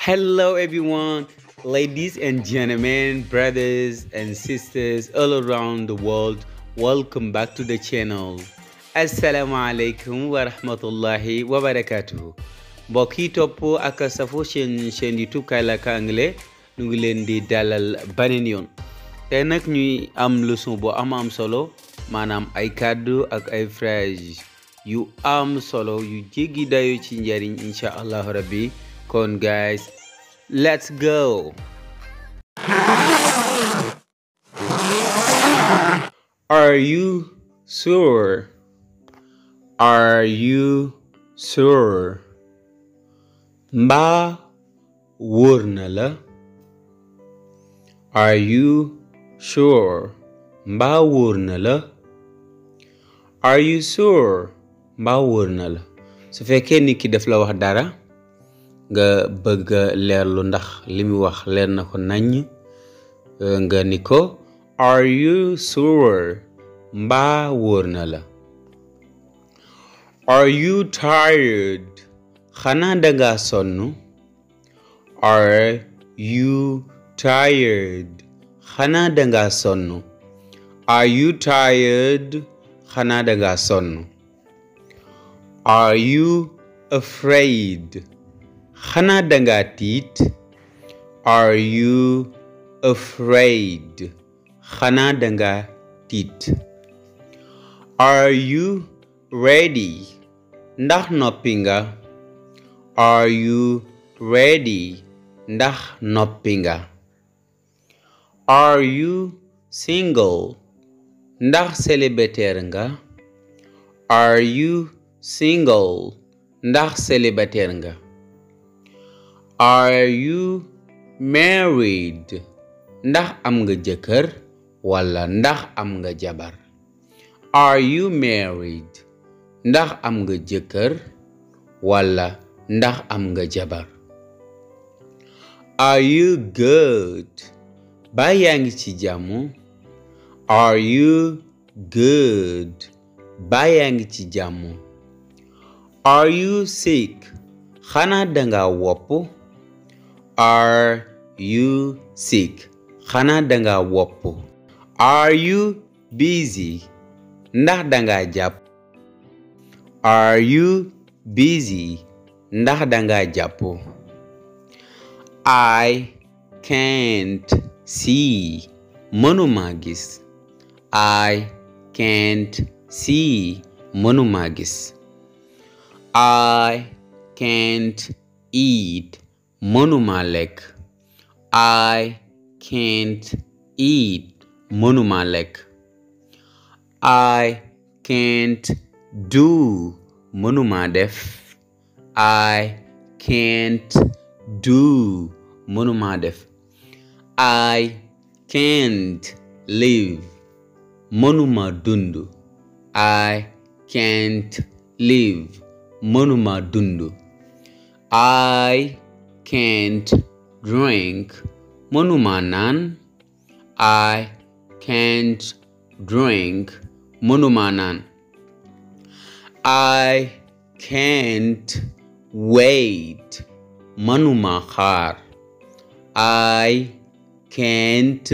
Hello, everyone, ladies and gentlemen, brothers and sisters all around the world. Welcome back to the channel. Assalamu alaikum wa rahmatullahi wa mbokk yi topp ak safo seen seen YouTube Kaylaka Anglais ñu ngi leen di dalal beneen yoon tey nag ñuy am leçon bu am am solo maanaam ay kàddu ak ay phrase yu am solo yu jéggi dayo ci njariñ incha allahu rabbi kon guys let's go are you sure are mbaa wóor na la are you sure mbaa wóor la are you sure mbaa wóor na la su fekkee nit ki daf la wax dara nga bëgg leerlu ndax li wax leer na ko naññ euh, nga ni ko are you sure mbaa wóor na la are you tired xanaa danga sonn are you tired xanaa danga sonn are you tired xanaa danga sonn are you afraid xanaa danga tiit are you afraid xanaa danga tiit are you ready ndax noppi nga are you ready ndax noppi nga are you single ndax célibataire nga are you single ndax célibataire nga Are you married? Ndax am nga jëkkër wala ndax am nga jabar. Are you married? Ndax am nga jëkkër walla ndax am nga jabar. Are you good? Ba yaa ngi ci jàmm. Are you good? Ba yaa ngi ci jàmm. Are you sick? Xanaa danga wopp. Are you sick? xanaa danga wopp. Are you busy? ndax danga jàpp. Are you busy? ndax danga jàpp. I can't see. mënuma gis. I can't see. mënuma gis. I can't eat. mënuma lekk I can't eat mënuma lekk I can't do mënuma def I can't do mënuma def I can't live mënuma dundu I mënuma dundu can't drink mënuma I can't drink mënuma I wait mënuma I can't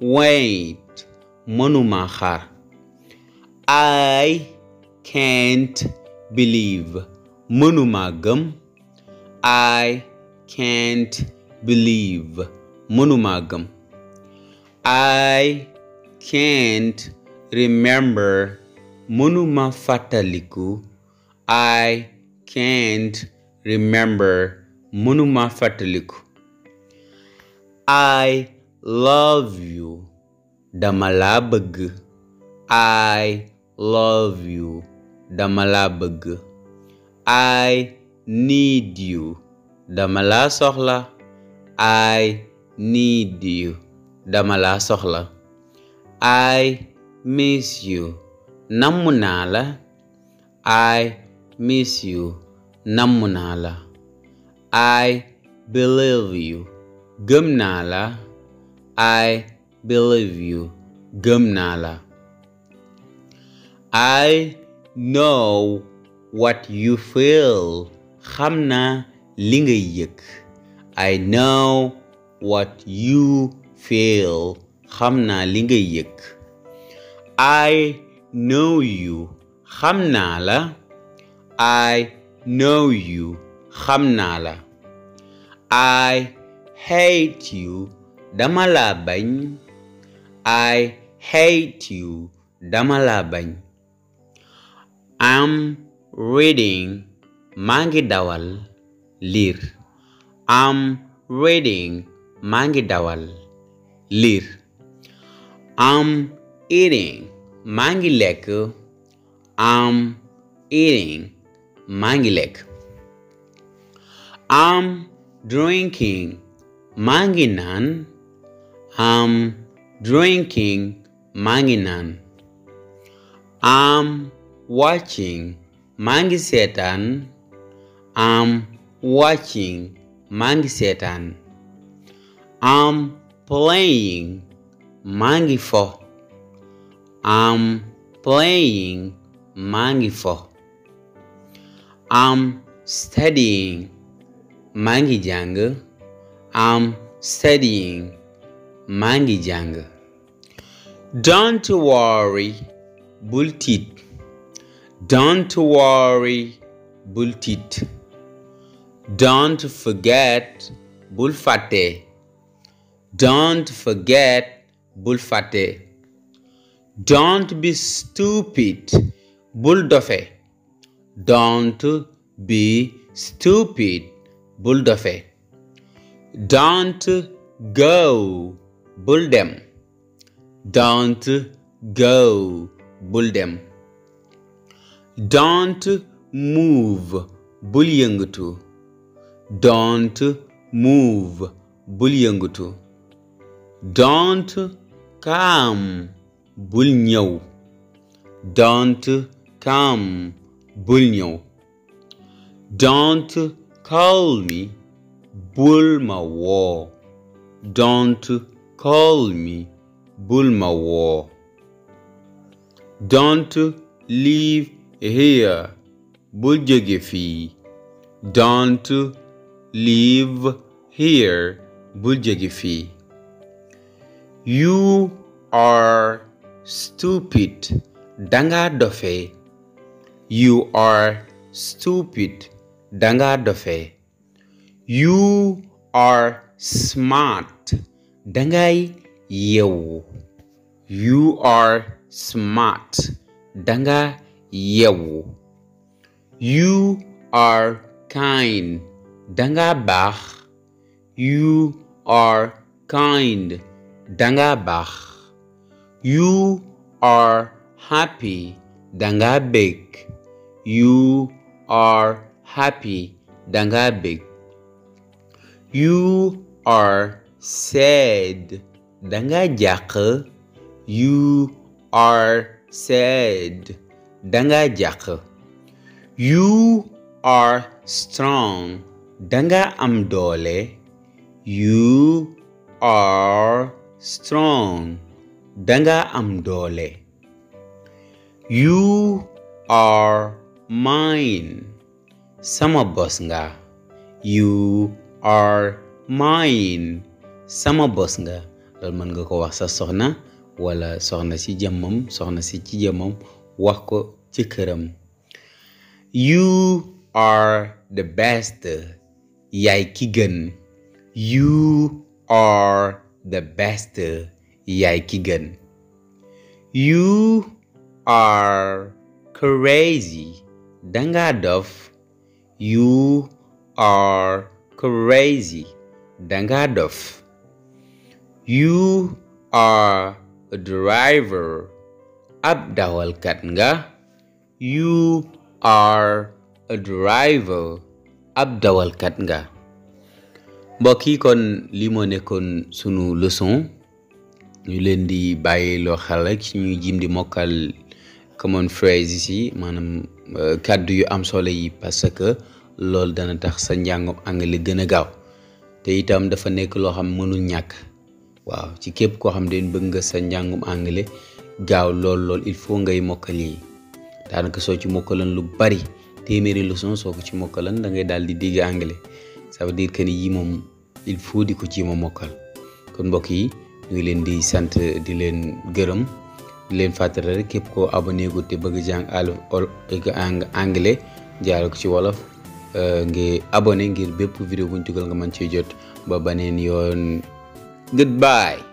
wait mënuma I can't believe mënuma can't believe mënuma gëm I can't remember mënuma fàttaliku I can't remember mënuma fàttaliku I love you dama bëgg I love you dama I need you dama laa soxla I need you dama laa soxla I miss you namm naa la I miss you namm naa la I believe you gëm naa la I believe you gëm naa la I know what you feel xam naa li ngay yëg I know what you feel xam naa li ngay yëg I know you xam naa la I know you xam naa la I hate you dama laa bañ I hate you dama laa bañ I'm reading maa ngi dawal liir am reading maa ngi dawal liir am eating maa ngi lekk am eating maa ngi lekk am drinking maa ngi naan am drinking maa ngi naan am watching maa ngi seetaan watching maa ngi seetaan I'm playing maa ngi fo I'm playing maa ngi I'm studying maa ngi jàng I'm studying maa ngi jàng don't worry bul tiit don't forget bul fàtte don't forget bul fàtte don't be stupid bul dofe don't be stupid bul dofe don't go bul dem don't go bul dem don't move bul yëngatu don't move bul yëngatu don't come bul ñëw don't come bul ñëw don't call me bul ma woo don't call me bul ma woo don't leave here bul jóge live here bul jóge fii you are stupid danga dofe you are stupid danga dofe you are smart dangay you are smart danga yewu you are kind danga baax you are kind danga baax you are happy danga bég you are happy danga bég you are sad danga jàq you are sad danga jàq you are strong danga am doole you are strong danga am doole you are mine sama bos nga you are mine sama bos nga loolu mën nga ko wax sa soxna wala soxna si jëmmam soxna si ci jëmmam wax ko ci këram you are the best yaay ki gën you are the best yaay you are crazy danga dof you are crazy danga dof you are a driver ab dawalkat nga you are a driver ab dawalkat nga mbokk yi kon li moo nekkoon sunu leçon ñu leen di bàyyi loo xel rek suñuy jim di mokkal common phrases yi maanaam euh, kàddu yu am solo yi parce que loolu dana tax sa njàngum anglais gën a gaaw te itam dafa nekk loo xam mënul ñàkk waaw ci képp koo xam den bëgg nga sa njàngum anglais gaaw lool lool il faut ngay mokkal yi daanaka soo ci mokkaloon lu bari téeméeri leçon soo ko ci mokkalan da ngay daal di dégg anglais ça veut dire que ni yi moom il faut di ko ci ma mokkal kon mbokk yi ñu ngi leen di sant di leen gërëm di leen fàttali rek képp koo abonné gu te bëgg jàng ang anglais jaare ko ci wolof euh, nga abonné ngir bépp vidéo buñ dugal nga mën cee jot ba baneen yoon goodbye